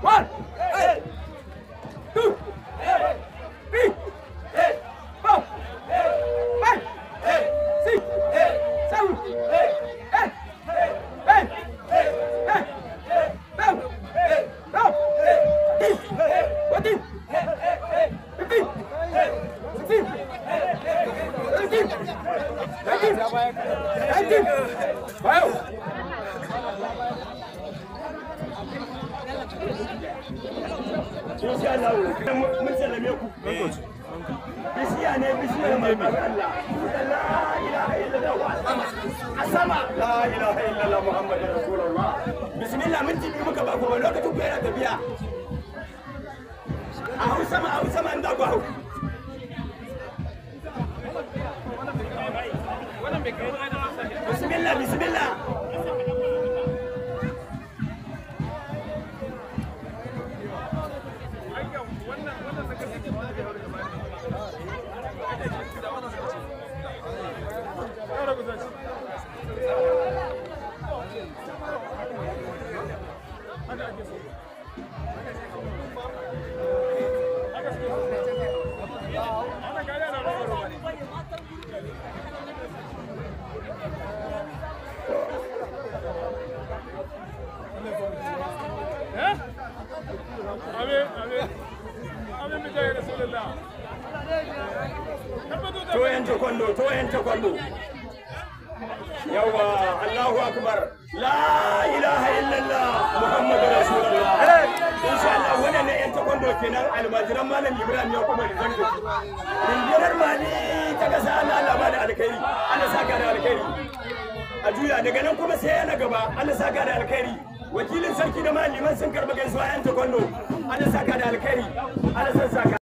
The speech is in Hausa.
One. Insha Allah A Bismillah A a ku hau. bismillah Thank you. to toyen to toyen taekwondo yawa allahu akbar la ilaha illallah muhammadu rasulullah insha allah wani ne yan taekwondo kenan almajiran malam ibrahim ya kuma da zango rundunar mali ta kasa allah allah ba da alkhairi allah saka da alkhairi a juya daga nan kuma sai na gaba allah saka da alkhairi wakilin sarki da malaman sun karɓi gaisuwa yan takwando ana saka da alkhairi ana san saka